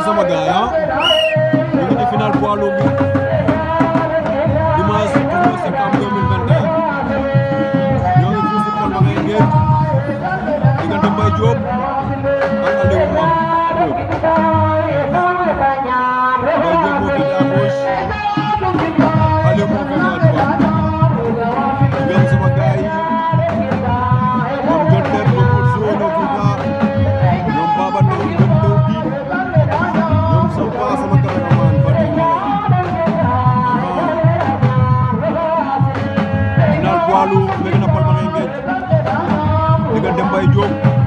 noonu sama gars yi ah ñu ngi ci final poids lourd bi dimanche 12 septembre 2021 ñoo ngi fii si Kolda ngay ngeen diggante Mbaye Diop ak Aliou Mame Diop. Fallou bëgg na Paul Marie Gueye diggante Mbaye Diop